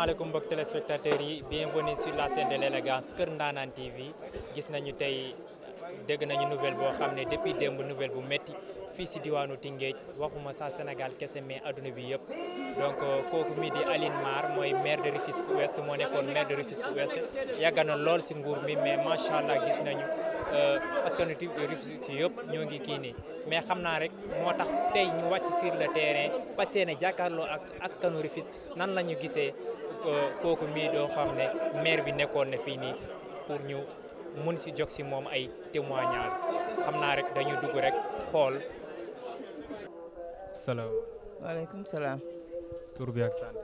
asalaamaaleykum mbokk téléspectateurs yi bienvenue sur la scène de l'élégance Kër Ndaanaan TV gis nañu tey dégg nañu nouvelle boo xam ne depuis démb nouvelle bu métti fii si diwaanu Tingéej waxuma sa Sénégal kese mais adduna bi yëpp donc euh, kooku mii di Aline Mar mooy maire de Rufisque Ouest moo nekkoon maire de Rufisque Ouest yàgg na lool si nguur mi mais macha allah gis nañu euh, askanu Rufisque yëpp ñoo ngi kii nii mais xam naa rek moo tax tey ñu wàcc sur le terrain fas yéene jàkkaarloo ak askanu Rufisque nan la gisee Euh, kooku mii doo xam ne maire bi nekkoon na fii nii pour ñu mun si jog si moom ay témoignages xam naa rek dañu dugg rek xool. salaam. waaleykum salaam. tur bi ak sant.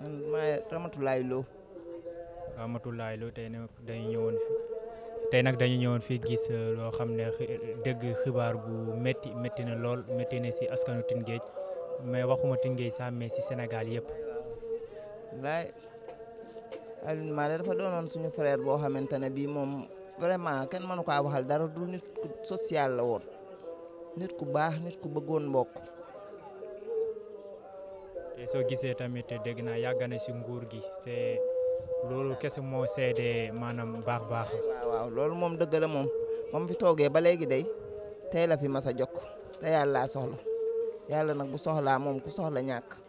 man maa Ramatoulaye Lo. Ramatoulaye tey nag dañu ñëwoon fi tey nag dañu ñëwoon fii gis euh, loo xam ne dëgg xibaar bu métti métti na lool métti na si askanu Tëngéej mais waxuma Tëngéej sax mais si senegal yëpp. wallaay Alioune Malick dafa doonoon suñu frère boo xamante ne bii moom vraiment kenn mënu kaa waxal dara du nit ku social la woon nit ku baax nit ku bëggoon mbokk. te soo gisee tamit dégg naa yàgg si nguur gi te loolu kese moo seede maanaam baax baax. waaw waaw loolu moom dëgg la moom moom fi toogee ba léegi day tey la fi mas a jokk te yàlla soxla yàlla nag bu soxlaa moom ku soxla ñàkk.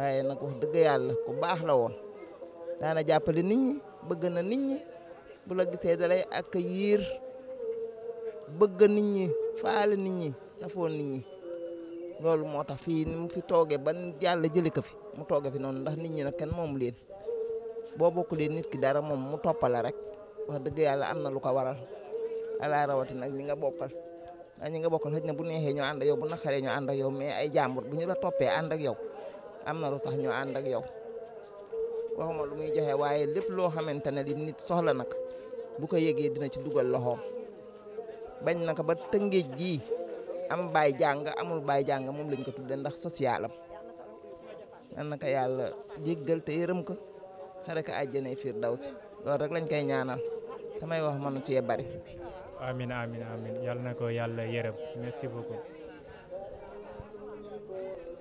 waaye nag wax dëgg yàlla ku baax la woon daana jàppale nit bëgg na nit bu la gisee dalay ak yiir bëgg nit ñi faale nit ñi safoon nit ñi loolu moo tax fii ni mu fi toogee ban yàlla jëlee ko fi mu toogee fi noonu ndax nit ñi nag kenn moomu leen boo bokkulee nit ki dara moom mu toppala rek wax dëgg yàlla am na lu ko waral ala rawatina ak ñi nga bokkal ñi nga bokkal xëj na bu neexee ñoo ànd ak yow bu naqaree ñoo ànd ak yow mais ay jàmbur bu ñu la toppee ànd ak yow am na lu tax ñu ànd ak yow waxuma lu muy joxe waaye lépp loo xamante ne li nit soxla nag bu ko yégee dina ci dugal loxoom bañ na ko ba tëngéej gii am baay jàng amul baay jàng moom lañ ko tudde ndax socialam nan na ko yàlla jéggal te yërëm ko xare ko daw si loolu rek lañ koy ñaanal damay wax mënu ci bari amin amin yàlla na ko yàlla yërëm merci beaucoup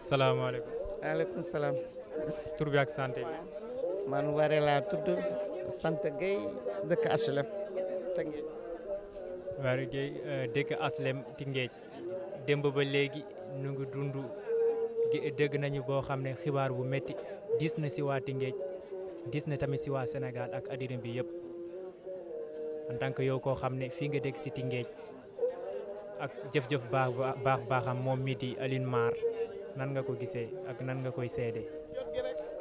salaamaaleykum waaleykum salaam. tur bi ak sant bi. man waree laa tudd sant Guèye dëkk HLM euh, Tëngéej. démb ba léegi nu ngi dund dégg nañu boo xam ne xibaar bu metti dis na si waa Tëngéej dis na tamit si waa senegal ak addina bi yépp en yow koo xam ne fii nga dëkk si Tëngéej ak jëf-jëf baax baax baaxam moom mii di Alioune Mar nan nga ko gisee ak nan nga koy seede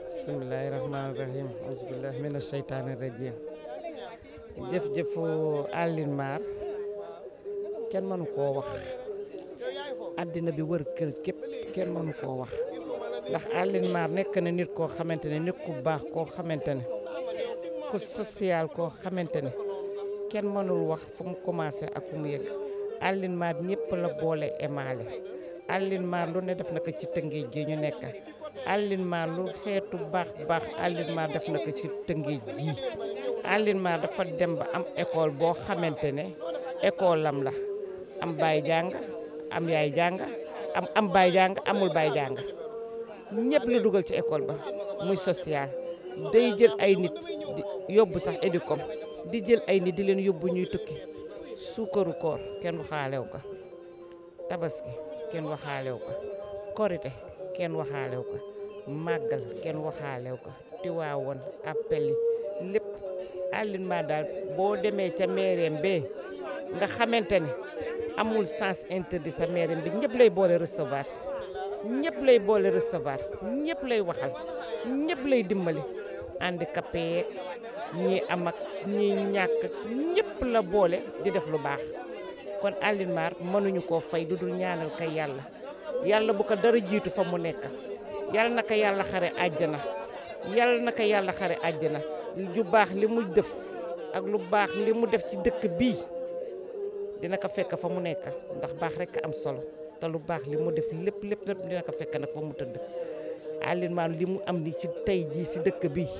bismillahi rahmaani rahim aousubillah min seytaane rajim jëf-jëfu Alioune Mar kenn mënu koo wax àddina bi wër kër képp kenn mënu koo wax ndax Alioune Mar nekk na nit koo xamante ne nit ku baax koo xamante ne ku social koo xamante ne kenn mënul wax fu mu commencé ak fu mu yëg Alioune Mar ñëpp la boole émaale Alioune Mar lu ne def na ko ci tëngéej gi ñu nekk Alioune Mar lu xeetu baax baax Alioune Mar def na ko ci tëngéej gi Alioune Mar dafa dem ba am école boo xamante ne école am la am bay jàng am yaay jàng am am baay jàng amul bay jàng ñëpp la dugal ci école ba muy social day jël ay nit yóbbu sax édicom di jël ay nit di leen yóbbu ñuy tukki suukaru koor kenn xaalew ko tabaski kenn waxaalew ko korite kenn waxaalew ko màggal kenn waxaalew ko tiwaawoon appel yi lépp Alioune Mar daal boo demee ca mairie bi nga xamante ne amul sens interdit sa mairie bi ñëpp lay boole recevoir ñëpp lay boole recevoir ñëpp lay waxal ñépp lay dimbali handicapé yeeg ñii am ak ñii ñàkk ñëpp la boole di def lu baax kon Alioune mënuñu koo fay du dul ñaanal ko yàlla yàlla bu ko dara jiitu fa mu nekk yàlla na ko yàlla xare àjjana yàlla na ko yàlla xare àjjana ju baax li mu def ak lu baax li mu def ci dëkk bii dina ko fekk fa mu nekk ndax baax rek am solo te lu baax li mu def lépp lépp dina ko fekk nag fa mu tëdd Alioune Mar li mu am ni ci tey jii si dëkk bii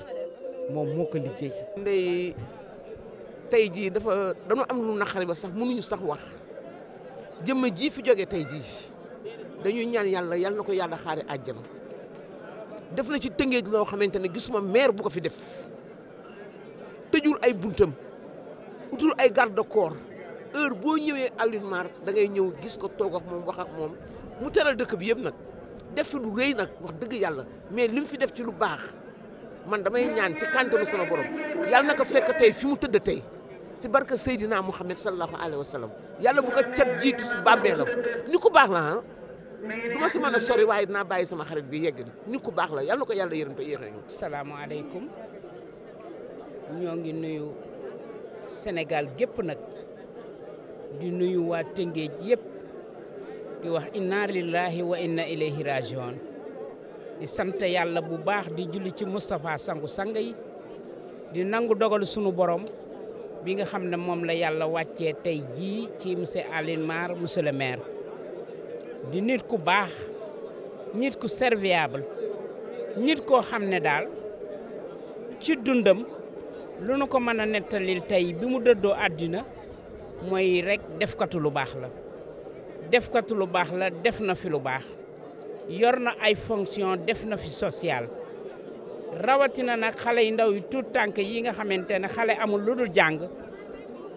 moom moo ko liggéey. tey jii dafa dañoo am lu naqari ba sax mënuñu sax wax jëmm jii fi jógee tey jii dañuy ñaan yàlla yàlla na ko yàlla xaare àjjana def na ci tëngéej loo xamante ne gisuma maire bu ko fi def tëjul ay buntam utul ay garde corps heure boo ñëwee Alioune Mar da ngay ñëw gis ko toog ak moom wax moom mu teral dëkk bi yëpp nag def fi lu rëy nag wax dëgg yàlla mais li fi def ci lu baax man damay ñaan ci kàntanu sama borom yàlla naka ko fekk tey fi mu tëdd tey si barka Seydina Muhammad sallallahu alayhi wa sallam yàlla bu ko cat jiitu si bàmmeelam ni ku baax la ah du ma si mën a sori waaye dinaa bàyyi sama xarit bi yegg ni ku baax la yàlla ko yàlla yërëm te yéexee ñu. salaamaaleykum ñoo ngi nuyu Sénégal gépp nag di nuyu waa Tëngéej yëpp di wax inna lillahi wa inna ilayhi rajiun di sant yàlla bu baax di julli ci Moustapha sangu sang yi di nangu dogal sunu borom. bi nga xam ne moom la yàlla wàccee tey jii ci monsieur Alioune Mar monsieur le maire di nit ku baax nit ku serviable nit koo xam ne daal ci dundam lu nu ko mën a nettalil tey bi mu dëddoo àddina mooy rekk defkatu lu baax la defkatu lu baax la def na fi lu baax yor na ay fonction def na fi social rawatina nag xale yu ndaw yu tuut tànk yi nga xamante ne xale amul lu dul jàng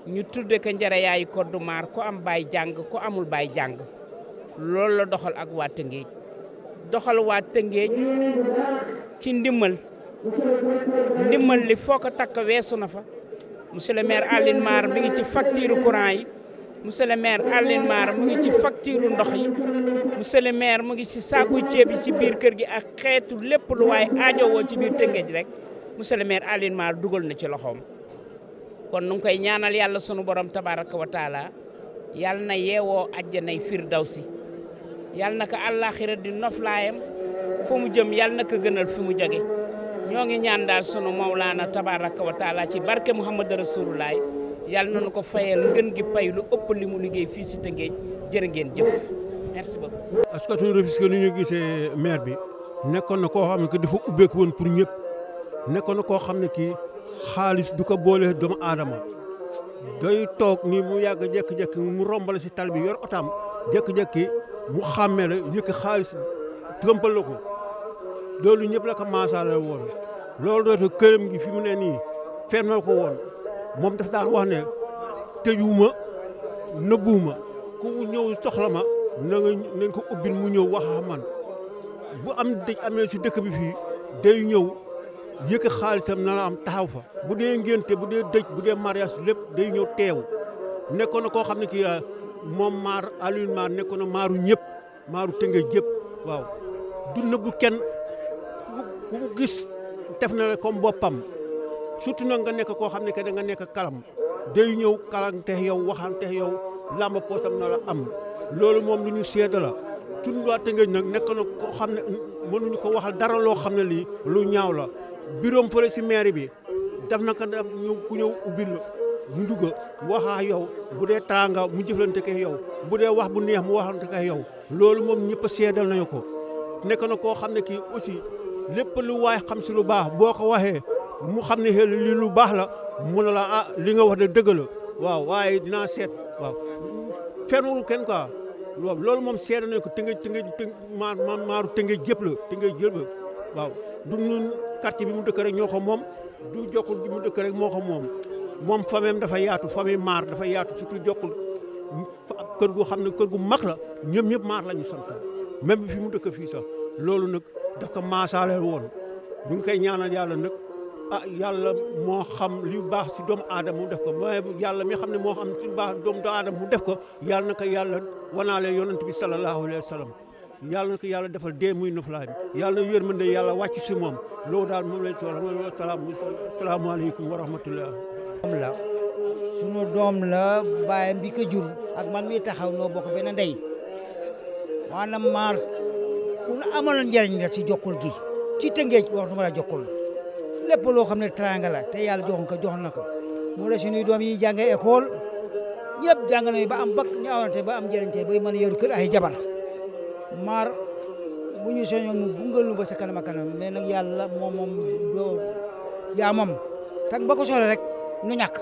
ñu tudde ko yaay yaayu koddu maar ku am bay jàng ko amul baay jàng loolu la doxal ak waa Tëngéej doxal waa Tëngéej ci ndimmal ndimmal li foo ko takk weesu na fa monsieur le maire Aline Mar mi ngi ci facture courant yi monsieur le maire mu ngi ci facture ndox yi monsieur mu ngi ci saaku ceeb yi ci biir kër gi ak xeetu lépp lu waaye aajowoo ci biir Tëngéej rek monsieur le maire Alioune dugal na ci loxoom. kon nu ngi koy ñaanal yàlla sunu borom tabaraka wa taala yàlla na yeewoo àjjanay firdawsi yàlla na ko àllaaxira di noflaayam fu mu jëm yàlla na gënal fi mu jóge ñoo ngi ñaan daal sunu mawlaana tabaraka wa ci barke Muhammad Rasulullah yàlla nañu ko fayal ngën gi pay lu ëpp li mu liggéey fii si Tëngéej jërë ngeen jëf merci beaucoup. askanu Rufisque ni ñu gisee maire bi nekkoon na koo xam ne que dafa ubbeeku woon pour ñëpp nekkoon na koo xam ne ki xaalis du ko boole doomu aadama doy toog ni mu yàgg jékki-jékki mu rombal si tal bi yor otaam jékki-jékki mu xàmmee la xaalis tëmpal la ko loolu ñëpp la ko woon loolu dootu këram gi ne nii fermel ko woon. moom daf daan wax ne tëjuwuma nëbbuwuma ku ñëw soxlama ma na nga ko ubbil mu ñëw wax man bu am dëj amee si dëkk bi fii day ñëw yëkk xaalisam na la am taxaw fa bu dee ngénte bu dee dëj bu dee mariage lépp day ñëw teew nekkoon na koo xam ne kii ah, moom maar Alioune Maar nekkoon na maaru ñëpp maaru tëngee jëpp waaw du nëbbu kenn ku gis def na la comme boppam surtout nag nga nekk koo xam ne que da nga nekk kalam day ñëw kalante yow waxante yow làmb poosam na la am loolu moom lu ñu seede la tund waa Tëngéej nag nekk na koo xam ne mënuñu ko waxal dara loo xam ne lii lu ñaaw la biroom fële si maire bi daf na ko daf ñëw ku ñëw ubbil la mu dugg waxaa yow bu dee tànga mu jëflante ko yow bu dee wax bu neex mu waxante ko yow loolu moom ñëpp a seedal nañu ko nekk na koo xam ne kii aussi lépp lu waay xam si lu baax boo ko waxee mu xam ne xel li lu baax la mu ne la a ah, li nga wax de dëgg la waaw waaye dinaa seet waaw fenwul kenn quoi loolu moom seet nañ ko tënkee tënkee maar maaru tënkee jëpp la tënkee jëpp la waaw du nun quartier bi mu dëkk rek ñoo ko moom du jokkul di mu dëkk rek moo ko moom moom famille dafa yaatu famille maar dafa yaatu surtout jokkul kër gu xam ne kër gu mag la ñoom ñëpp maar lañu ñu sant même bi fi mu dëkk fii sax loolu nag daf ko maasaale woon ñu ngi koy ñaanal yàlla nag. ah yàlla moo xam li baax si doom aadama mu def ko waaye yàlla mi xam ne moo xam si lu baax doomu aadama mu def ko yàlla na ko yàlla wanaale yonent bi sallallahu alayhi wa sallam yàlla na ko yàlla defal dee muy noflaay bi yàlla na yërmande yàlla wàcc si moom loolu daal moom leen soxla wa salaam salaamaaleykum wa rahmatullah doom la doom la baayam bi ko jur ak man mi taxaw noo bokk benn ndey maanaam maar ku amal njariñ la ci jokkul gi ci tëngeej wax duma la jokkul lépp loo xam ne teranga la te yàlla joxoon ko jox na ko moo la suñuy doom yi jàngee école ñëpp jàng nañu ba am bakk ñu ba am njëriñ tey bay mën a yor ay jabar maar bu ñu soñoon mu gungal nu ba sa kanam ak kanam mais nag yàlla moom moom doo yaa moom tag ba ko soxla rek nu ñàkk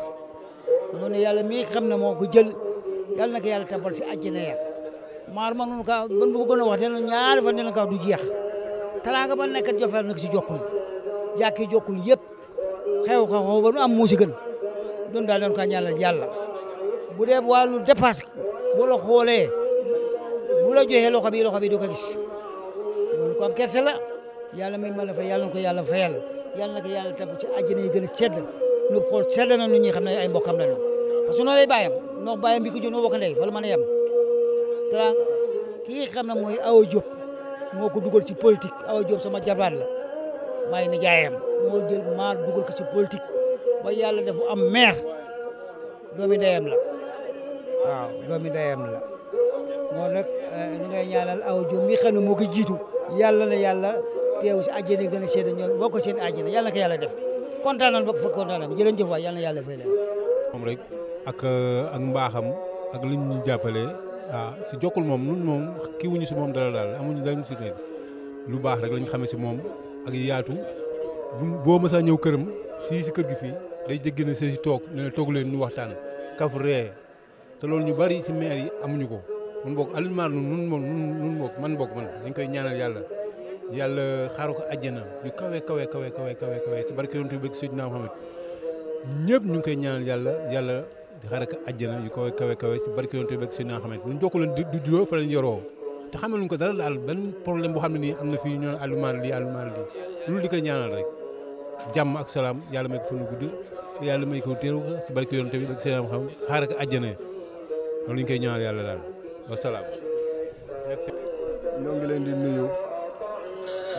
noonu yàlla mi xam ne moo ku jël yàlla na ko yàlla tabal si àjjana ya maar ma noonu ka ban bu gën a wax dina ñaari fan dina ka du jeex talaanga ba nekkat jofel nag si jokkul jàkki jokkul yëpp xew xew ba nu am moo doon daal doon ka ñaanal yàlla bu dee wàllu dépasse bu la bu la joxee loxo bi loxo bi du ko gis loolu ko am kerse la yàlla may ma la fa yàlla na ko yàlla fayal yàlla tab ci àjjana yi gën a sedd nu xool sedd na nu ñuy xam ne ay mbokkam lañu parce que noonu lay bàyyam noo bàyyam bi ko jóg noo bokk ndey la mën a yem te kii xam mooy Awa Diop moo ko dugal ci politique Awa Diop sama jabaat la may nijaayam moo jël maa dugal ko ci politique ba yàlla dafa am maire doomi ndeyam la waaw doomi ndeyam la moo nag ni eh, ngay ñaanal aw jom mi xam ne moo ko jiitu yàlla na yàlla teew si àjjana gën a seede ñoom boo ko seen àjjana yàlla na ko yàlla def kontaanal ba ko fa kontaanam jërëjëf waay yàlla na yàlla fay leen moom ak eh, ak mbaaxam ak li ñu jàppale waaw ah, si jokkul moom nun moom kii wuñu si moom dara daal amuñu dañu si lu baax rek lañ xamee si moom ak yaatu bu boo mësaa ñëw këram fii si kër gi fii day jéggi na see toog ne ne toog leen ñu waxtaan kaf ree te loolu ñu bari si maire yi amuñu ko mun bokk Alioune Mar nun nun moom nun bokk man bokk man dañ koy ñaanal yàlla yàlla xaaru ko àjjana yu kawe kawe kawe kawe kawe kawe si barke yonent bi bëgg Seydina Muhammad ñëpp ñu ngi koy ñaanal yàlla yàlla xaaru ko àjjana yu kawe kawe kawe si barke yonent bi bëgg Seydina Muhammad ñu jokk leen di di fa lañ yoroo te xamal ko dara daal benn problème boo xam ne nii am na fii ñoo naan allumaan lii allumaan lii loolu di ko ñaanal rek jàmm ak salaam yàlla may ko fa nu gudd yàlla may ko teeru ko si barke yoon tamit ak seen xam xaaral ko àjjana loolu ñu yàlla daal wa ngi leen di nuyu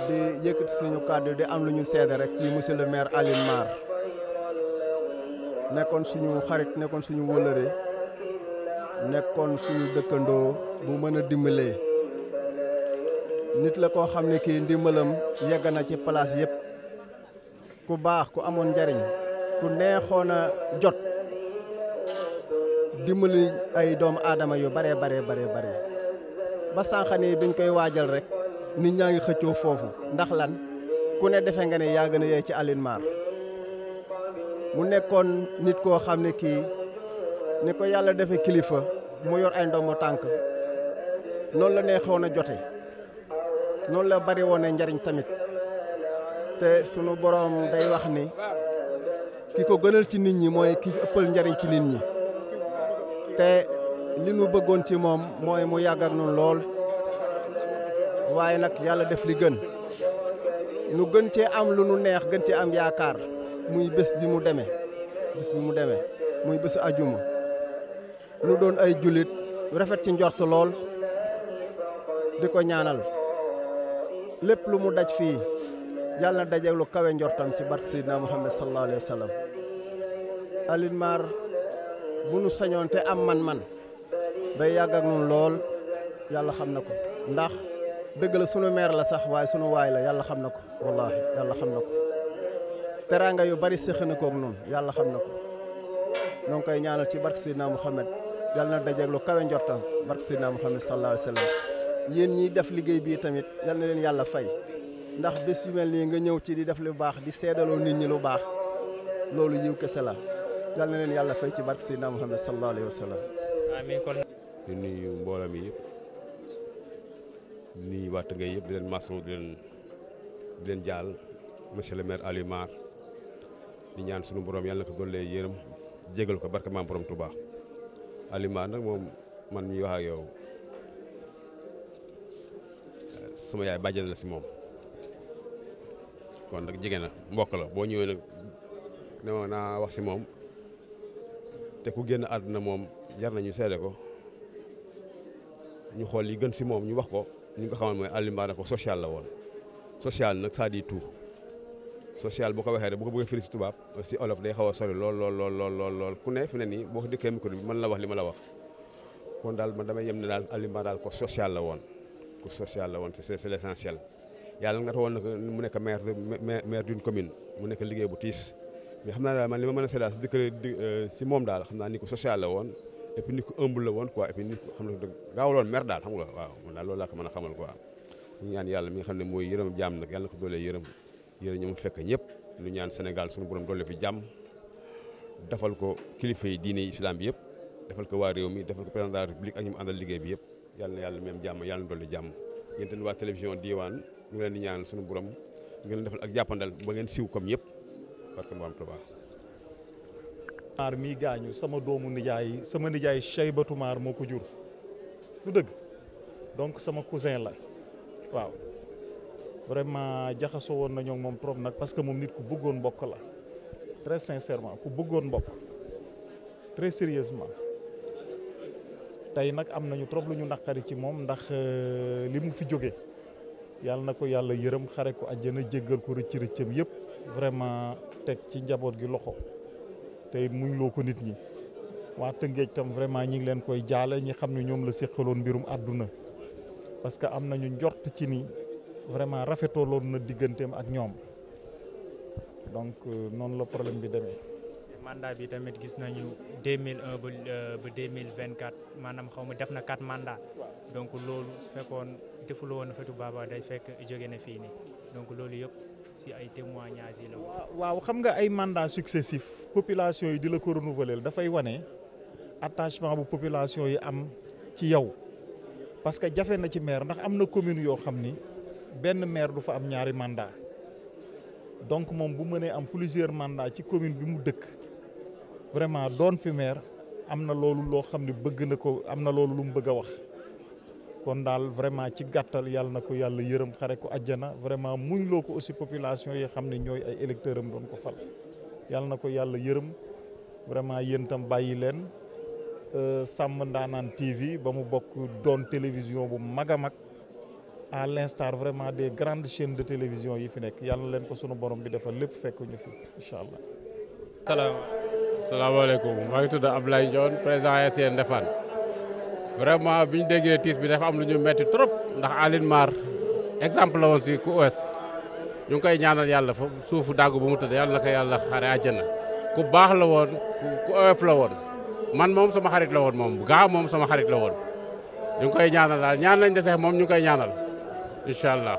di yëkkati suñu am lu ñu seede rek ci monsieur le maire Alioune Mar nekkoon suñu xarit nekkoon suñu wëlëre nekkoon suñu dëkkandoo bu mën a dimbalee. nit la koo xam ne kii ndimbalam yegg na ci place yëpp ku baax ku amoon njariñ ku neexoon a jot dimbali ay doomu aadama yu bare bare bare bare ba sànq nii biñ koy waajal rek nit ñaa ngi xëccoo foofu ndax lan ku ne defe nga ne yaa gën a yee ci Alioune Mar mu nekkoon nit koo xam ne kii ni ko yàlla defe kilifa mu yor ay ndombo tànk noonu la neexoon a jote noonu la bari woon njariñ tamit te sunu boroom day wax ni ki ko gënal ci nit ñi mooy ki ëppal njariñ ci nit ñi te li nu bëggoon ci moom mooy mu yàgg ak lool waaye nag yàlla def li gën nu gën cee am lu nu neex gën ci am yaakaar muy bés bi mu demee bés bi mu demee muy bés ajuma lu doon ay jullit rafet ci njort lool di ko ñaanal lépp lu mu daj fii yàlla na dajeeg lu kawe njortam ci bat Seydina Muhammad sallallahu alayhi wa sallam bu nu sañoon te am man-man day yàgg ak ñun lool yàlla xam na ko ndax dëgg la sunu meer la sax waaye sunu waay la yàlla xam na ko wallaahi yàlla xam na ko teraanga yu bari séq na koog noonu yàlla xam na ko ñoo koy ñaanal ci barke Seydina Muhammad yàlla na dajeeg lu kawe njortam barke Seydina Muhammad sallallahu alayhi wa sallam yéen ñiy def liggéey bii tamit yal na leen yàlla fay ndax bés yu mel nga ñëw ci di def lu baax di seedaloo nit ñi lu baax loolu yiw kese la yal na leen yàlla fay ci barke Seydina Muhammad sallallahu alayhi wa sallam. amiin kon. di nuyu mi yëpp di nuyu waa Tëngéej yëpp di leen masawu di leen di leen jaal monsieur le maire Aliou di ñaan sunu borom yàlla na ko dollee yërëm ko barke maam borom Touba Aliou Mar nag moom man mii wax ak yow. sama yaay bàjjen la si moom kon nag jigéen la mbokk boo ñëwee na ne naa wax si moom te ku génn àdduna moom yar nañu seede ko ñu xool yi gën si moom ñu wax ko ñu ko xamal mooy Alioune ko social la woon social nag ça dit tout social bu ko waxee rek bu ko bëggee firi si olof day xaw a sori lool lool lool lool lool ne fi ne nii boo ko dikkee micro bi mën la wax li ma la wax kon daal man damay yem ne daal Alioune ko social la woon. course sociale la woon c'est c'est l'essentiel yàlla nga taxoon na mu nekk maire maire d'une commune nekk liggéey bu tiis mais xam naa daal a seedaal si dëkk euh, si moom daal xam naa ni ko social la woon et puis ni ko woon quoi et puis ni ko xam ne gaawaloon xam nga waaw man daal loolu laa ko mën a ñaan yàlla mi nga ne mooy yërëm jàmm na ko doolee yërëm yërëm ñu mu ñëpp ñu ñaan Sénégal suñu borom doole fi jàmm defal ko yi diine bi yëpp defal ko waa réew mi defal ko président de la république ak ñu mu àndal liggéey bi yëpp yàlla na yàlla même jàmm yàlla na dolli jàmm yéen tamit waa télévision diwaan ñu ngi leen di ñaanal suñu borom ngeen leen defal ak jàppandal ba ngeen siw comme ñëpp parce que Maam Touba maar mii gaañu sama doomu nijaay sama nijaay Cheybatu Maar moo ko jur lu dëgg donc sama cousin la waaw vraiment jaxasoo woon nañoo moom trop nag parce que moom nit ku bëggoon mbokk la très sincèrement ku bëggoon mbokk très sérieusement tey nag am nañu trop lu ñu naqari ci moom ndax euh, li mu fi jóge yàlla na ko yàlla yërëm xare ko àjjana jéggal ko rëcc rëccam yëpp vraiment teg ci njaboot gi loxo tey muñ loo ko nit ñi waa Tëngéej tam vraiment ñi ngi leen koy jaalee ñi xam ne ñoom la séqaloon mbirum adduna parce que am nañu njort ci nii vraiment rafetoo loon na digganteem ak ñoom donc euh, noonu la problème bi demee mandat bi tamit gis nañu 2001 ba euh, ba 2024 maanaam xaw ma def na quatre mandats donc loolu su fekkoon defuloo woon Fatou Baba day fekk jóge na fii nii donc loolu yëpp si ay témoignages yi la. waaw xam nga ay mandats successifs population yi di la ko renouveler dafay wane attachement bu population yi am ci yow parce que jafe na ci maire ndax am na commune yoo xam ni benn maire du fa am ñaari mandat donc moom bu mënee am plusieurs mandats ci commune bi mu dëkk. vraiment doon fi maire am na loolu loo xam ne bëgg na ko am na loolu lu mu bëgg a wax kon daal vraiment ci gàttal yàlla na ko yàlla yërëm xare ko àjjana vraiment muñ loo ko aussi population yi xam ne ñooy ay électeurs am doon ko fal yàlla na ko yàlla yërëm vraiment yéen itam bàyyi leen euh, sàmm ndaanaan TV ba mu bokk doon télévision bu mag a mag à l'instar vraiment de grande chaînes de télévision yi fi nekk yàlla na leen ko sunu borom bi defal lépp fekk ñu fi incha allah. salaamaaleykum maa ngi tudd Abdoulaye Ndione président ASC Ndefane vraiment bi ñu déggee tiis bi dafa am lu ñu metti trop ndax Aline Mar exemple la woon si ku OS ñu ngi koy ñaanal yàlla fa suufu dàggu bu mu tëdd yàlla na ko yàlla xare àjjana ku baax la woon ku oyof la woon man moom sama xarit la woon moom gaa moom sama xarit la woon ñu ngi koy ñaanal daal ñaan nañ deseex moom ñu ngi koy ñaanal incha allah.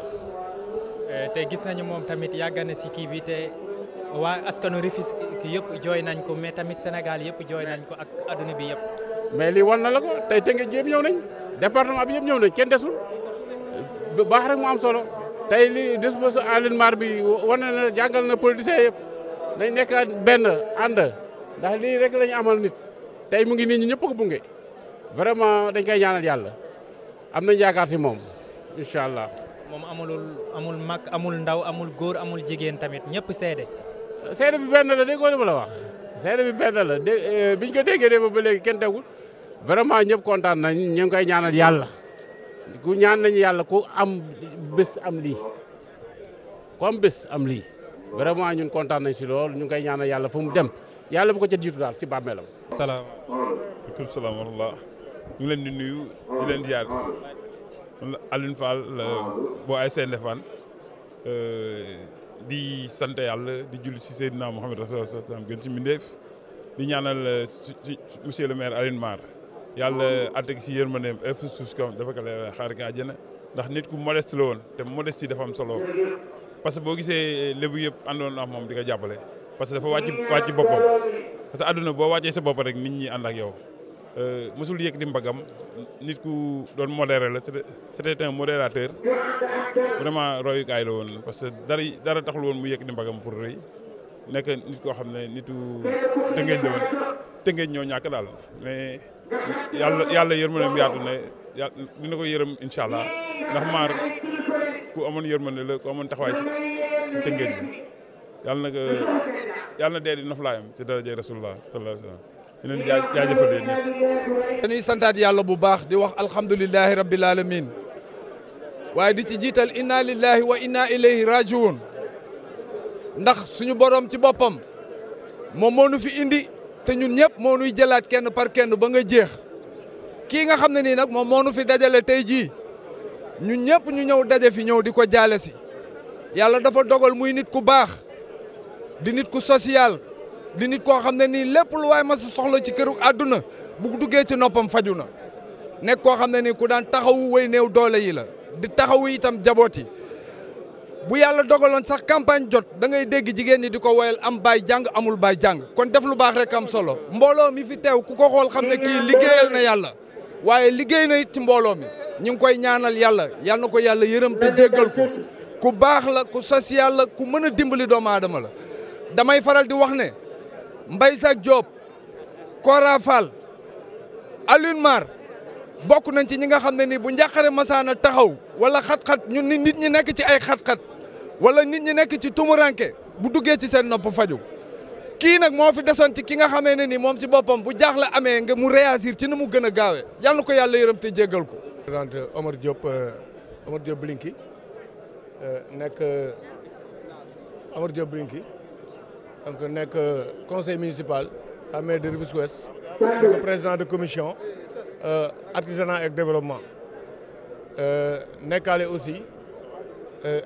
Eh, te gis nañu moom tamit yàgg na si kii te. waa askanu Rufisque yëpp jooy nañ ko mais tamit Sénégal yëpp jooy nañ ko ak adduna bi yëpp. mais lii wan na la ko tey Tëngéej yëpp ñëw nañ département bi yëpp ñëw nañ kenn desul bu baax mu am solo tey lii des ba sa Alioune Mar bi wan na la jàngal na politiciens yëpp nañ nekk benn ànd ndax lii rek lañ amal nit tey mu ngi nii ñu ñëpp ko bunge vraiment dañ koy ñaanal yàlla am nañ yaakaar si moom incha allah. moom amulul amul mag amul ndaw amul góor amul jigéen tamit ñëpp seede. seede bi benn la déggoo li ma la wax seede bi benn la dé euh, biñ ko déggee démb ba léegi kenn tegul vraiment ñëpp kontaan nañ ñu ngi koy ñaanal yàlla ku ñaan nañu yàlla ko am bés am lii ku am bés am lii vraiment ñun kontaan nañ si lool ñu ngi koy ñaanal yàlla fu mu dem yàlla bu ko ca jiitu daal si bàmmeelam. salaamaaleykum salaam wa rahmatulah ñu ngi leen di nuyu di leen ziar boo ay seen defaan di sant yàlla di julli si Seydina Mohamed Rasulullah sallam gën ci mbindeef di ñaanal euh, monsieur le maire Alioune Mar yàlla àtte si yërmandeem ëpp suuf kam dafa ko leer xaar ka àjjana ndax nit ku modeste la woon te modeste yi dafa am solo parce que boo gisee euh, lébu yëpp àndoon ak moom di ko jàppale parce que dafa wàcc wàcc boppam parce que àdduna boo wàccee sa bopp rek nit ñi ànd ak yow. Euh, mësul yëg di mbagam nit ku doon modéré la c'était un modérateur vraiment royukaay la woon parce que dara dara taxul woon mu yëg di mbagam pour rëy nekk nit koo xam ne nitu tëngeeñ la woon tëngeeñ ñoo ñàkk daal mais yàlla yàlla yërmandeem yaatu ne yàlla dina ko yërëm incha allah ndax maar ku amoon yërmande la ku amoon taxawaay ci ci tëngeeñ bi yàlla nag yàlla na dee di noflaayam ci darajay rasulullah sallallahu alayhi wa sallam di leen santaat yàlla bu baax di wax alhamdulilahi rabbil alamin waaye di ci jiital inna lillahi wa inna ilayhi rajiun ndax suñu borom ci boppam moom moo nu fi indi te ñu ñëpp moo nuy jëlaat kenn par kenn ba nga jeex kii nga xam ne nii nag moom moo nu fi dajale tey jii ñu ñëpp ñu ñëw daje fi ñëw di ko jaale si yàlla dafa dogal muy nit ku baax di nit ku social. di nit koo xam ne nii lépp lu waay ma su soxla ci këru àdduna bu duggee ci noppam faju na nekk koo xam ne nii ku daan taxawu woy néew doole yi la di taxawu itam jaboot yi bu yàlla dogaloon sax campagne jot da ngay dégg jigéen ñi di ko woyal am baay jàng amul baay jàng kon def lu baax rek am solo mbooloo mi fi teew ku ko xool xam ne kii liggéeyal na yàlla waaye liggéey na it ci mbooloo mi ñu ngi koy ñaanal yàlla yal na ko yàlla yërëm te jéggal ko ku baax la ku social la ku mën a dimbali doomu aadama la damay faral di wax ne Mbaye Sakh Diop Kora Fall Alioune bokk nañ ci ñi nga xam ne ni bu njàqare masaana taxaw wala xat-xat ñun nit ñi nekk ci ay xat-xat wala nit ñi nekk ci tumuranke bu duggee ci seen nopp faju kii nag moo fi desoon ci ki nga xamee ne ni moom si boppam bu jaaxle amee nga mu réagir ci ni mu gën a gaawee yal na ko yàlla yërëm te jegal ko. président Omar Diop euh, Omar Diop Blinky euh, nekk euh, donc nekk euh, conseil municipal à maire de Rufisque nekk président de commission euh, artisanat ak développement euh, nekkaale aussi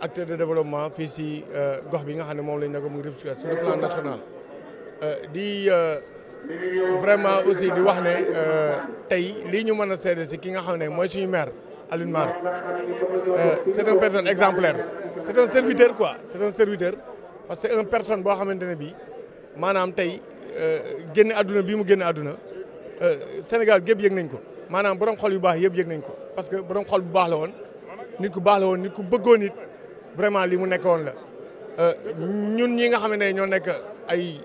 acteur de développement fii si gox bi nga xam ne moom lañ nekk muy Rufisque Ouest sur le plan national di vraiment aussi di wax ne tey lii ñu mën a seede si ki nga xam ne mooy suñu maire Alioune Mar c'est un personne exemplaire c'est un serviteur quoi c'est un serviteur parce que un personne boo xamante ne bii maanaam tey euh, génn àdduna bii mu génne àdduna euh, Sénégal gépp yëg nañ ko maanaam borom xol yu baax yëpp yëg nañ ko parce que borom xol bu baax la woon nit ku baax la woon nit ku bëggoon it vraiment li mu nekk woon la euh, ñun ñi nga xam ne ñoo nekk ay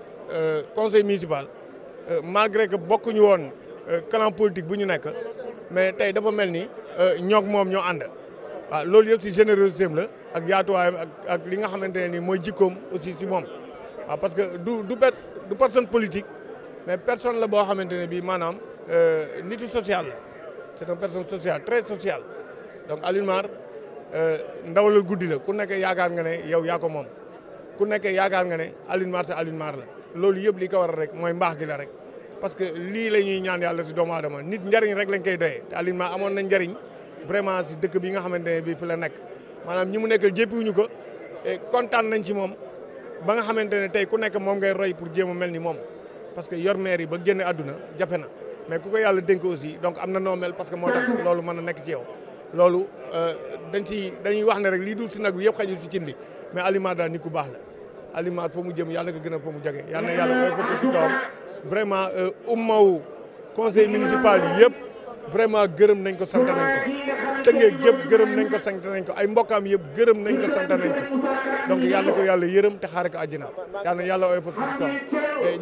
conseil municipal malgré que bokkuñu woon clan politique bu ñu nekk mais tey dafa mel ni ñoog moom ñoo ànd waaw loolu yëpp ci générosité la ak yaatuwaayam ak ak li nga xamante ne nii mooy jikkoom aussi si moom. waaw ah, parce que du du per du personne politique mais personne la boo xamante ne bii maanaam euh, nitu social la c'est une personne sociale très sociale donc Alioune Mar euh, ndawalal guddi la ku nekk yaakaar nga ne yow yaa ko moom ku nekk yaakaar nga ne Alioune Mar c'est la loolu yëpp li ko waral rek mooy mbaax la rek parce que lii la ñuy ñaan yàlla si doomu aadama nit njariñ rek lañ koy doyee te Alioune Mar amoon na njariñ vraiment si dëkk bi nga xamante ne bii fi la nekk maanaam ñi mu nekkal jéppiwuñu ko kontaan nañ ci moom ba nga xamante ne tey ku nekk moom ngay roy pour jéem mel ni moom parce que yor maire yi ba génne àdduna jafe na mais ku ko yàlla dénk aussi donc am na noo parce que moo tax loolu mën a nekk ci yow loolu euh, dañ ci dañuy wax ne rek lii dul si nag bi yëpp xajul ci cin li mais aliment daal nit ku baax la aliment fa mu jëm yàlla na ko gën a fa mu jage yàlla na yàlla koy porté si kawam vraiment euh, ummaw conseil municipal yi yëpp vraiment gërëm nañ ko sant nañ tëngee gépp gërëm nañ ko sant nañ ko ay mbokkaam yëpp gërëm nañ ko sant nañ ko donc yàlla ko yàlla yërëm te xaare ko àjjana yàlla yàlla ooy pasifika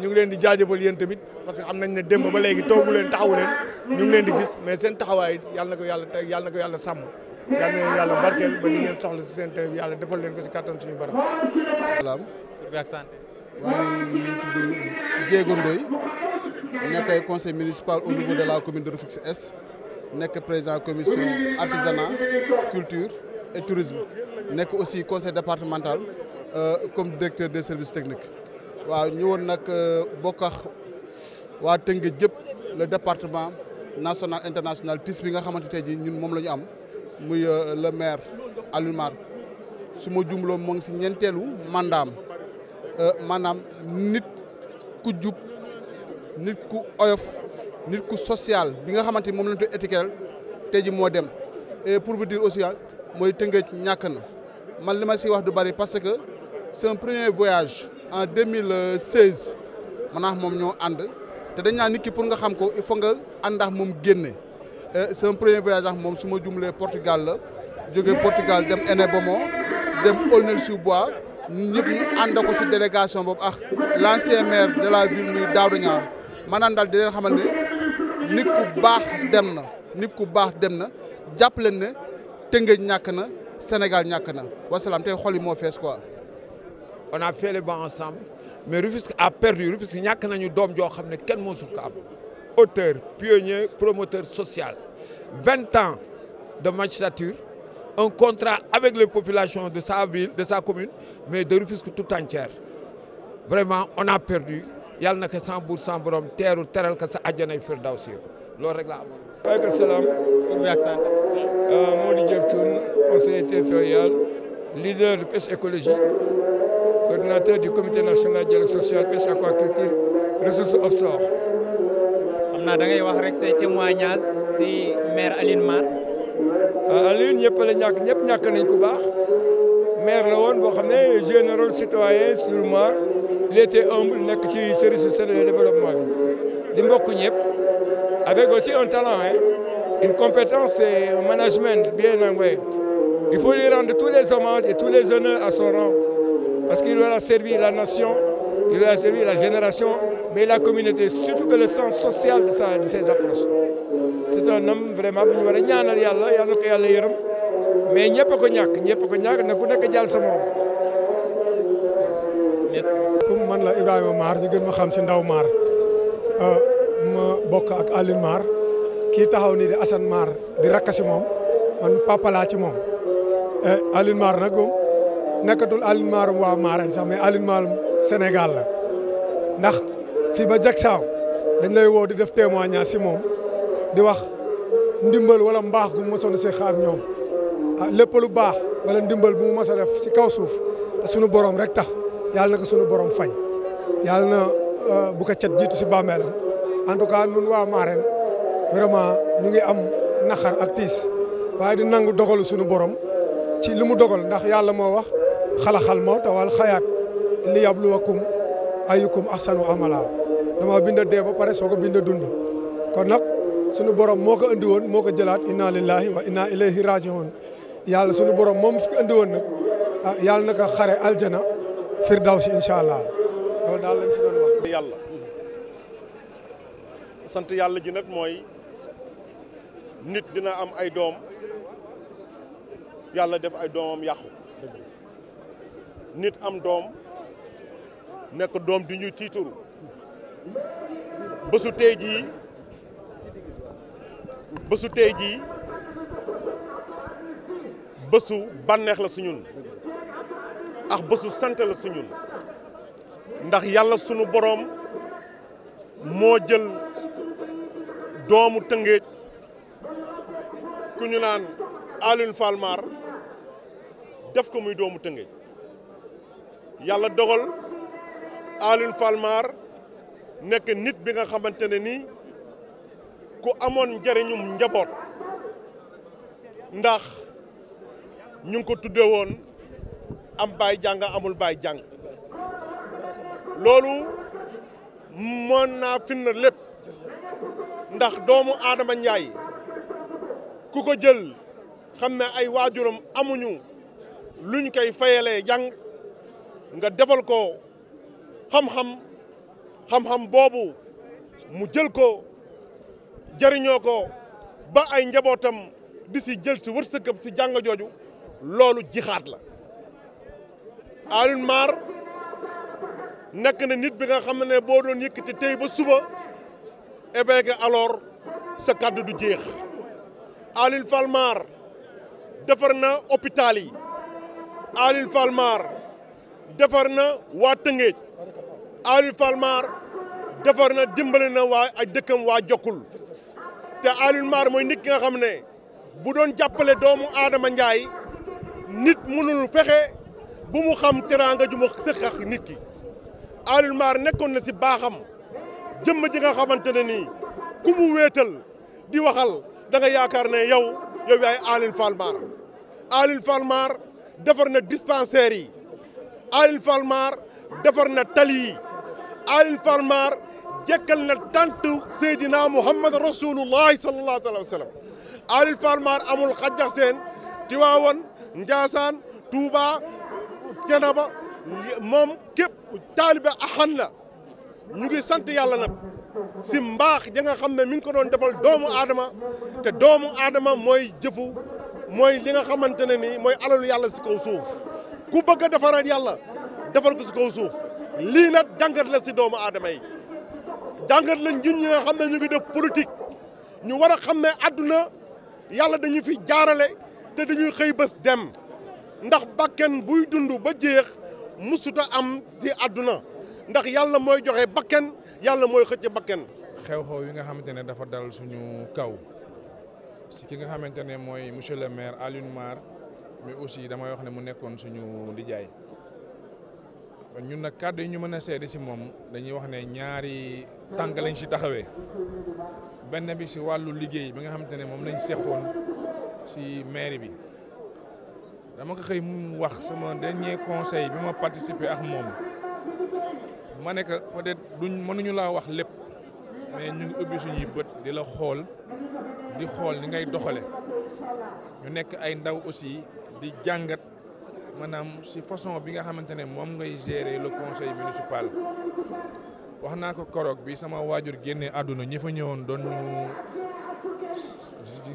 ñu ngi leen di jaajëfal yéen tamit parce que xam nañ ne démb ba léegi toogu leen taxawu leen ñu ngi leen di gis mais seen taxawaay yàlla ko yàlla yàlla ko yàlla sàmm yàlla na yàlla barkeel ba ñu ngeen soxla si seen télé yàlla defal leen ko si kattan suñu borom salaam maa ngi tudd Diego Ndoye nekk conseil municipal au de la commune de Rufisque Est nekk président commission artisanat culture et tourisme nekk aussi conseil départemental euh, comme directeur des services techniques waaw ñëwoon nag euh, bokk ak waa Tëngéej jëpp le département national international TIS bi nga xamante tey jii ñun moom la ñu am muy euh, le maire Alioune Mar su ma jumloo moo ngi si ñeenteelu mandaam maanaam nit ku jub nit ku oyof nit ku sociale bi nga xamante ni moom lañ koy étiquetal tey ji moo dem et pour vous dire aussi ah, mooy Tëngéej ñàkk na man li ma si wax du bari parce que c'est un premier voyage en 2016 maanaam moom ñoo ànd te dañ naa nit ki pour nga xam ko il faut nga àndax moom génne c'est un premier voyage ax moom suma ma jumlee Portugal la jógee Portugal dem Enébomo dem aulnay sous boi ñun ñu ànd ko si délégation boobu ak l'ancien maire de la ville muy Daouda Niang maanaam daal di leen nit ku baax dem na nit ku baax dem na jàpp leen ne Tëngéej ñàkk na Sénégal ñàkk na wasalaam tey xol yi moo fees quoi. on a fait les bancs ensemble mais Rufisque a perdu Rufisque ñàkk nañu doom joo xam ne kenn mësul ko am auteur pionnier promoteur social vingt ans de magistrature un contrat avec les populations de sa ville de sa commune mais de Rufisque tout entière vraiment ona a perdu yàlla na ko cent pour cent borom teeru teral ko sa àjjanay firdawsi loolu rek laa amoon. waaleykum salaam. tur bi ak sant. Euh, Modou Diop Thioune conseiller territorial leader de pêche écologique coordinateur du comité national dialogue social pêche aquaculture ressources offshore. xam naa da ngay wax rek say témoignage si maire Aline Mar. Euh, Aline ñëpp la ñàkk ñëpp ñàkk nañ ku baax maire la boo xam ne général citoyen sur Mar. il était humble nekk ci service de développement bi di mbokk ñëpp avec aussi un talent hein une compétence et un management bien engagé il faut rendre tous les hommages et tous les honneurs à son rang parce qu'il aura servi la nation il aura servi la génération mais la communauté surtout que le sens social de sa de ses approches c'est un homme vraiment bu ñu war a ñaanal yàlla yàlla ko yàlla mais ñëpp a ko ñàkk ñëpp a ko ñàkk na ku nekk jàll sa man la Ibrahima Maar ñu gën ma xam si Ndaw Maar euh, ma bokk ak Aline Maar kii taxaw nii di Assane Maar di rakk si moom man papa laa ci moom. Euh, Aline Maar nag moom nekkatul Aline Maarum waa Maareen sax mais Aline Maarum Sénégal la ndax fii ba jag dañ lay woo di def témoignage si moom di wax ndimbal walla mbaax gu mu mosoon a séq ñoom ah, lépp lu baax wala ndimbal bu mu mos a si kaw suuf te sunu borom rek tax. yàlla na ko sunu borom fay yàlla na euh, bu ko cat jiitu si bàmmeelam en tout cas nun waa Marème vraiment ñu ngi am naxar ak waaye di nangu dogalu sunu borom ci li mu dogal ndax yàlla moo wax xalaxal mawta wal xayaat li yabluwakum ayyukum ahsanu amala dama bind dee ba pare soo ko bind dund kon nag sunu borom moo ko andi woon moo ko jëlaat inna lillahi wa inna ilayhi rajiun yàlla sunu borom moom fi ko andi woon ah, yàlla na ko xare aljana firdawsi incha allah loolu daal lañ fi doon yàlla sant yàlla ji nag mooy nit dina am ay doom yàlla def ay doomam yàqu nit am doom nekk doom di ñuy tiituru bësu tey jii bésu tey jii bésu bànneex la su ñun ak bésu sant la ñun ndax yàlla sunu boroom moo jël doomu Tëngéej ku ñu naan Alioune Fall Mar def ko muy doomu Tëngéej yàlla dogal Alioune Fall Mar nekk nit bi nga xamante ne nii ku amoon njëriñum njaboot ndax ñu ko tudde woon am baay jàng amul baay jàng loolu mën naa finna lépp ndax doomu Adama Njaay ku ko jël xam ne ay waajuram amuñu luñ koy fayalee jàng nga defal ko xam-xam xam-xam boobu mu jël ko jëriñoo ko ba ay njabootam di si jël si wërsëgam si jàng jooju loolu jixaat la Alioune Mar nekk na nit bi nga xam ne boo doon yëkkati tey ba suba ébeeke eh alors sa kàddu du jeex Alioune Fall Mar defar na hôpital yi Alioune Fall defar na waa na dimbali na waa ay dëkkam waa Jokkul te Alioune Mar mooy nit ki nga xam ne bu doon jàppale doomu aadama Ndiaye nit mënul fexe bu mu xam teraanga ju ma sëq ak nekkoon na si baaxam jëmm ji nga xamante ne nii ku mu wéetal di waxal da yaakaar na yow yow yaay Alioune Fall Mar Alioune Fall Mar defar na dispensaire yi Alioune Fall Mar na tali yi Alioune Fall Mar na tant Seydina Muhammad rasulullahi sallallahu alayhi wa sallam Alioune amul xajjax Tiwaawan Njaasaan Touba Thiénaba moom képp taalibe axan la ñu ngi sant yàlla nag si mbaax ja nga xam ne mi ngi ko doon defal doomu aadama te doomu aadama mooy jëfu mooy li nga xamante ne nii mooy alalu yàlla si kaw suuf ku bëgg a defaraat yàlla defal ko si kaw suuf lii nag jàngat la si doomu aadama yi jàngat la ñun ñi nga xam ne ñu ngi def politique ñu war a xam ne àdduna yàlla dañu fi jaarale te dañuy xëy bés dem ndax bakken buy dund ba jeex musuta am si àdduna ndax yàlla mooy joxe bakken yàlla mooy xëcc bakken xew-xew yi nga xamante ne dafa dal suñu kaw si ki nga xamante ne mooy monsieur le maire Alioune Mar mais aussi damay wax ne mu nekkoon suñu lijaay ñun na kàdd yi ñu mën a seede si moom dañuy wax ne ñaari tànk lañ si taxawee benn bi si wàllu liggéey bi nga xamante ne moom lañ seqoon si maire bi dama ko xëy mu wax sama dernier conseil bi ma participer ak moom ma ne que peut duñ mënuñu laa wax lépp mais ñu ngi ubbi suñuy bët di la xool di xool ni ngay doxale ñu nekk ay ndaw aussi di jàngat maanaam si façon bi nga xamante ne moom ngay gérer le conseil municipal wax naa ko koroog bi sama waajur génnee àdduna ñi fa ñëwoon doon ñu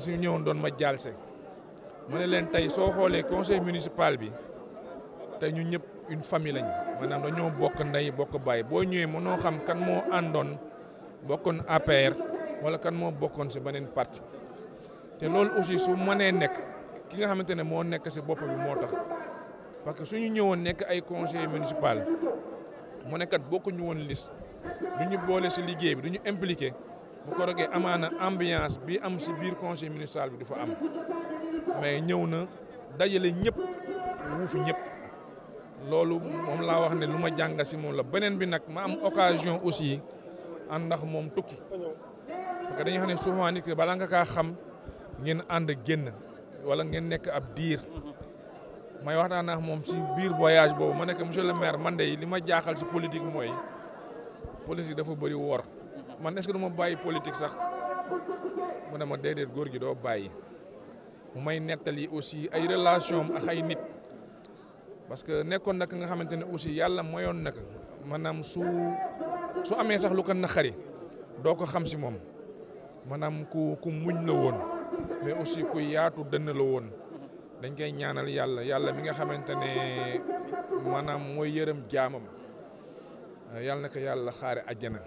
si ñëwoon doon ma jaalse ma ne leen tey soo xoolee conseil municipal bi tey ñu ñëpp une famille lañ maanaam dañoo bokk ndey bokk baay boo ñëwee mënoo xam kan moo àndoon bokkoon APR wala kan moo bokkoon si beneen parti te loolu aussi su mënee nekk ki nga xamante ne moo nekk si bopp bi moo tax parce que su ñëwoon nekk ay conseil municipal mu nekkat bokkuñu woon lis du ñu boole si liggéey bi du ñu impliqué bu ko rogee amaana ambiance bi am si biir conseil municipal bi du fa am. mais ñëw na dajale ñëpp wuufu ñëpp loolu moom laa wax ne lu ma jàng si moom la beneen bi nag ma am occasion aussi ànd ndax moom tukki dañu que xam ne souvent nit balaa nga kaa xam ngeen ànd génn wala ngeen nekk ab diir may waxtaan ak moom si biir voyage boobu ma nekk monsieur le maire man de li ma jaaxal si politique mooy politique dafa bëri wor man est-ce ma bàyyi politique sax mu ne ma déedéet góor gi doo bàyyi. mu may nettali aussi ay relation ak ay nit parce que nekkoon nag nga xamante ne aussi yàlla mayoon nag maanaam su su amee sax lu ko naqari doo ko xam si moom maanaam ku ku muñ la woon mais aussi ku yaatu dënn la woon dañ koy ñaanal yàlla yàlla mi nga xamante ne maanaam mooy yërëm jaamam yàlla na ko yàlla xaare àjjana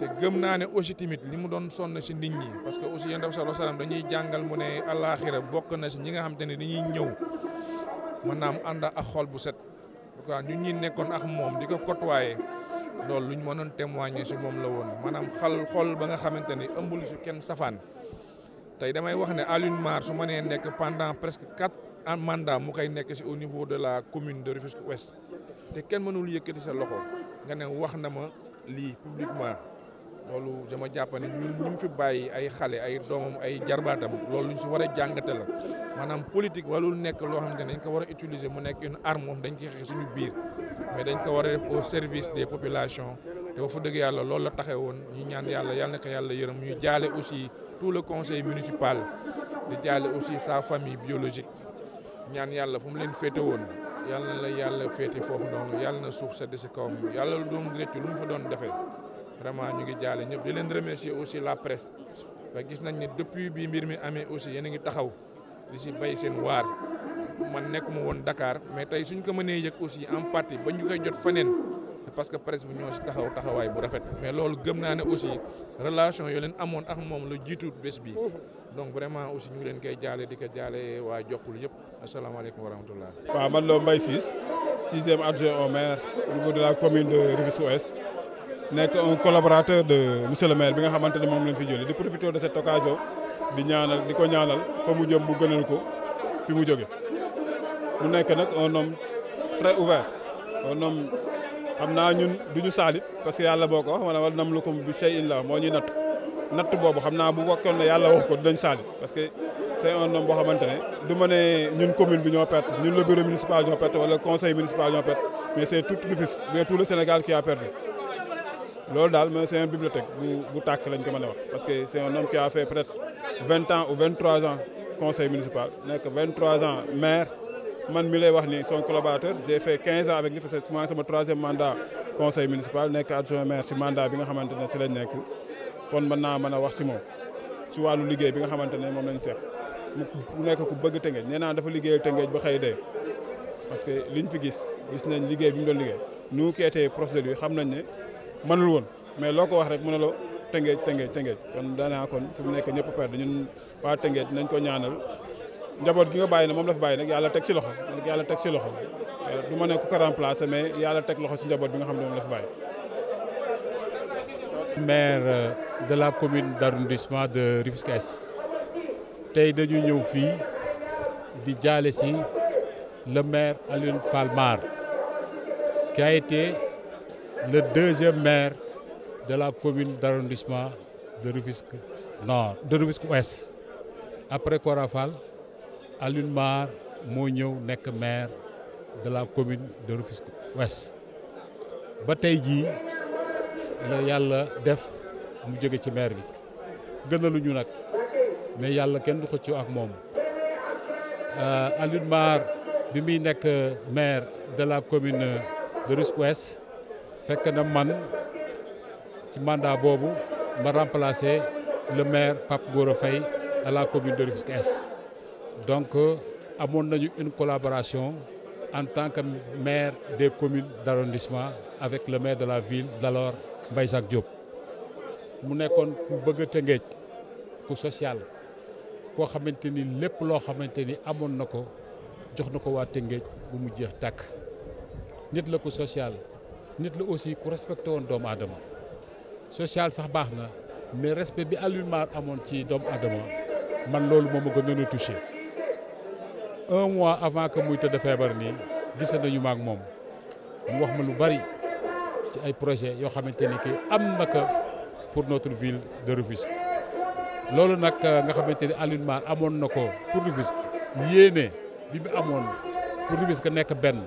te gëm naa ne aussi tamit li mu doon sonn si nit ñi parce que aussi yéen sallallahu alayhi wasallam dañuy jàngal mu ne àllaaxira bokk na si ñi nga xam te ne dañuy ñëw maanaam ànd ak xol bu set pourquoi ñun ñi nekkoon ak moom di ko côtoyer loolu luñ mënoon témoigner si moom la woon maanaam xal xol ba nga xamante ne lu si kenn safaan tey damay wax ne Alioune Mar su ma nee nekk pendant presque quatre mandats mu koy nekk si au niveau de la commune de Rufisque Ouest te kenn mënul yëkkati sa loxo nga wax na ma lii publiquement loolu dama jàpp ne ñu fi bàyyi ay xale ay doomam ay jarbaatam loolu lu ñu si war a jàngate la maanaam politique warul nekk loo xam ne dañ ko war a utiliser mu nekk une arme moom dañ ci xeex suñu biir mais dañ ko war a def au service de populations te wax fa dëgg yàlla loolu la taxee woon ñu ñaan yàlla yàlla na ko yàlla yërëm ñu jaale aussi tout le conseil municipal di jaale aussi sa famille biologique ñaan yàlla fu mu leen féete woon yàlla la yàlla féete foofu noonu yàlla na suuf sedd si kawam yàlla lu doon rëcc mu fa doon defee vraiment ñu ngi jaale ñëpp di leen remercier aussi la presse ba gis nañ ne depuis bi mbir mi amee aussi yéen a ngi taxaw di si bay seen waar man nekk mu woon Dakar mais tey suñ ko mënee yëg aussi en partie ba ñu koy jot faneen parce que presse bu ñoo si taxaw taxawaay bu rafet mais loolu gëm naa ne aussi relation yoo leen amoon ak moom la jiitu bés bi donc vraiment aussi ñu ngi leen koy jaale di ko jaale waa Jokkul yëpp asalaamaaleykum wa rahmatullah. waaw man la Mbaye Ciss sixième adjoint au maire la commune nekk un collaborateur de monsieur le maire bi nga xamante ne moom lañ fi jëlee di profiter de cette occasion di ñaanal di ko ñaanal fa mu jëm bu gënal ko fi mu jóge mu nekk nag un homme très ouvert un xam naa ñun du ñu saalit parce que yàlla boo ko wax wala wala nam lu ko bi shay'in la moo ñuy natt natt boobu xam naa bu bokkoon ne yàlla wax ko dinañ saalit parce que c'est un boo xamante ne du ma ne ñun commune bi ñoo perte ñun le bureau municipal ñoo perte wala conseil municipal ñoo perte mais c'est loolu daal mooy c'est une bibliothèque bu bu tàkk lañ ko mën a wax parce que c'est un homme qui a fait peut-être vingt ans ou vingt trois ans conseil municipal nekk vingt trois ans maire man mi lay wax ni son collaborateur j'ai fait quinze ans avec lui parce que commencé sama troisième mandat conseil municipal nekk adjoint maire ci mandat bi nga xamante ne ci lañ nekk kon naa mën a wax si moom si wàllu liggéey bi nga xamante ne moom lañ seq mu nekk ku bëgg Tëngéej nee naa dafa liggéeyal Tëngéej ba xëy dee parce que ñu fi gis gis nañ liggéey bi mu doon liggéey nous qui étions xam nañ ne mënul woon mais loo ko wax rek mu ne loo tëngeej tëngeej tëngeej kon danaa kon fu mu nekk ñëpp perte ñun waa tëngeej nañ ko ñaanal njaboot gi nga bàyyi ne moom la fi bàyyi nag yàlla teg si loxo nag yàlla teg si loxo euh, du ma ne ku ko mais yàlla teg loxo si njaboot bi nga xam ne moom la fi bàyyi. maire euh, de la commune d'arrondissement de Rufisque Est tey dañu ñëw fii di jaale si le maire Alioune Fall Mar a été le deuxième maire de la commune d'arrondissement de Rufisque Nord de Rufisque Ouest après Kora Fall Alioune Mar moo ñëw nekk maire de la commune de Rufisque Ouest ba tey jii la yàlla def mu jóge ci maire bi gënaluñu nag mais yàlla kenn du xëccoo ak moom euh, Alioune Mar bi muy nekk maire de la commune de Rufisque Ouest fekk na man ci mandat boobu ma remplacer le maire Pape Gora Faye à la commune de Rufisque donc amoon nañu une collaboration en tant que maire des communes d'arrondissement avec le maire de la ville d'alors Mbaye Jacques Diop mu nekkoon ku bëgg a Tëngéej ku social koo xamante ni lépp loo xamante ni amoon na ko jox na ko waa Tëngéej bu mu jeex tàkk nit la ku social nit la aussi ku respecté woon doomu adama sociale sax baax na mais respect bi Alioune amoon ci doomu aadama man loolu moom a gënoon a touché un mois avant que muy tëdd feebar nii gise nañu maak moom mu wax ma lu bari ci ay projet yoo xamante ni que am na pour notre ville de Rufisque loolu nag euh, nga xamante ni Alioune amoon na ko pour Rufisque yéene bi mu amoon pour Rufisque nekk benn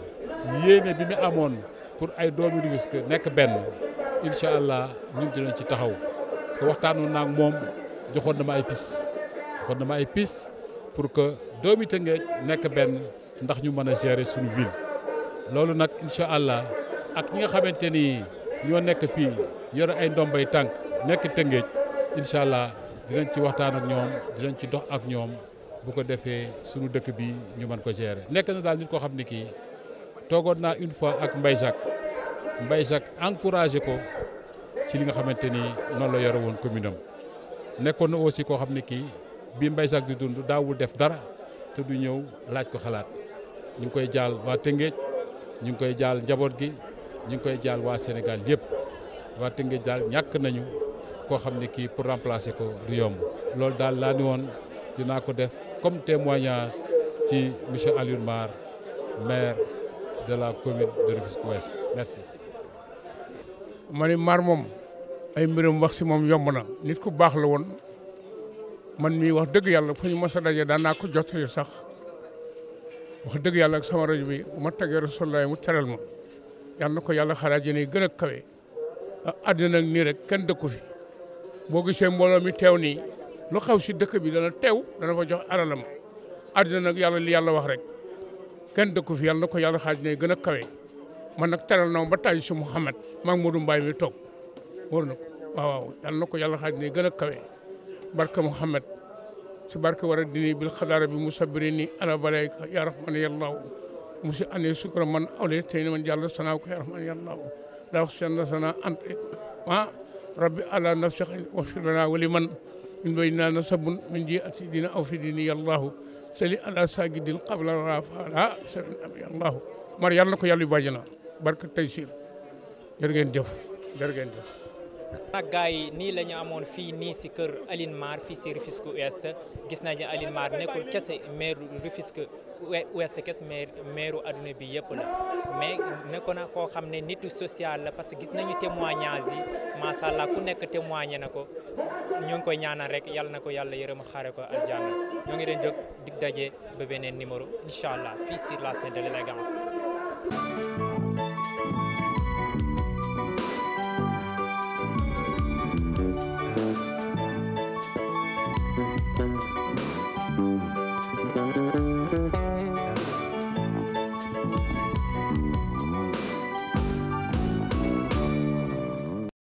yéene bi mu amoon pour ay doomi Rufisque nekk benn incha allah ñun dinañ ci taxaw parce que waxtaanoon naa ak moom joxoon na ma ay pis joxoon na ma ay pis pour que doomi Tëngéej nekk benn ndax ñu mën a gérer suñu ville loolu nag incha allah ak ñi nga xamante ni ñoo nekk fii yore ay ndombay tànk nekk Tëngéej incha allah dinañ ci waxtaan ak ñoom dinañ ci dox ak ñoom bu ko defee sunu dëkk bi ñu mën ko gérer nekk na daal nit koo xam ne kii toogoon naa une fois ak Mbaye Jacques Mbaye Jacques ko ci li nga xamante ni noonu la yore woon commune am nekkoon na aussi koo xam ne kii bi Mbaye Jacques di dund daawul def dara te du ñëw laaj ko xalaat ñu ngi koy jaal waa Tëngéej ñu ngi koy jaal njaboot gi ñu ngi koy jaal waa Sénégal yëpp waa Tëngéej daal ñàkk nañu koo xam ne kii pour remplacer ko du yomb loolu daal laa ni woon dinaa ko def comme témoignage ci monsieur Alioune Mar maire de la commune de Rufisque Ouest ma ne mar moom ay mbiram wax si moom yomb na nit ku baax la woon man mii wax dëgg yàlla fu ñu mos a daan naa ko jottali sax wax dëgg yàlla ak sama rajo bi ma tegee Rasulullah mu teral ma yàlla na ko yàlla xaraaje ne gën a kawe. Ah, àddina nag nii rek kenn dëkku fi boo gisee mbooloo mi teew nii lu xaw si dëkk bi dana teew dana fa jox alalam àddina nag yàlla li wax rek kenn dëkku fi yàlla na ko yàlla xaaj ne gën a kawe. man nag teral na ba tàyyi si Mouhamed maa ngi Modou mi toog wóor na ko waaw waaw yal na ko yàlla xaaj ne gën a kawe barke Mouhamed si barke war a dini bil xadaara bi musabiri ni ala balayka ya rahman yallaahu musi ane sukra man awle tey man jàll sanaaw ko ya rahman yallaahu daa wax seen sana ant rabbi ala nafsi wafir lana wali man min bay naa nasabun min ji ati dina aw dini yallaahu sali ala saagidin qabla rafa la sabin am yallaahu barke tey siir jërë ngeen jëf jërë ngeen jëf nag gars yi nii la ñu amoon fii nii si kër Aline Mar fii si Rufisque Ouest gis nañu Aline Mar nekkul kese maire Rufisque Ouest kese maire maire adduna bi yëpp la mais nekkoon na koo xam ne nitu social la parce que gis nañu témoignage yi macha allah ku nekk témoigné na ko ñu ngi koy ñaanal rek yàlla na ko yàlla yërëm xaare ko aljanna ñoo ngi leen jóg dig daje ba beneen numéro incha allah fii sur la scène de l'élégance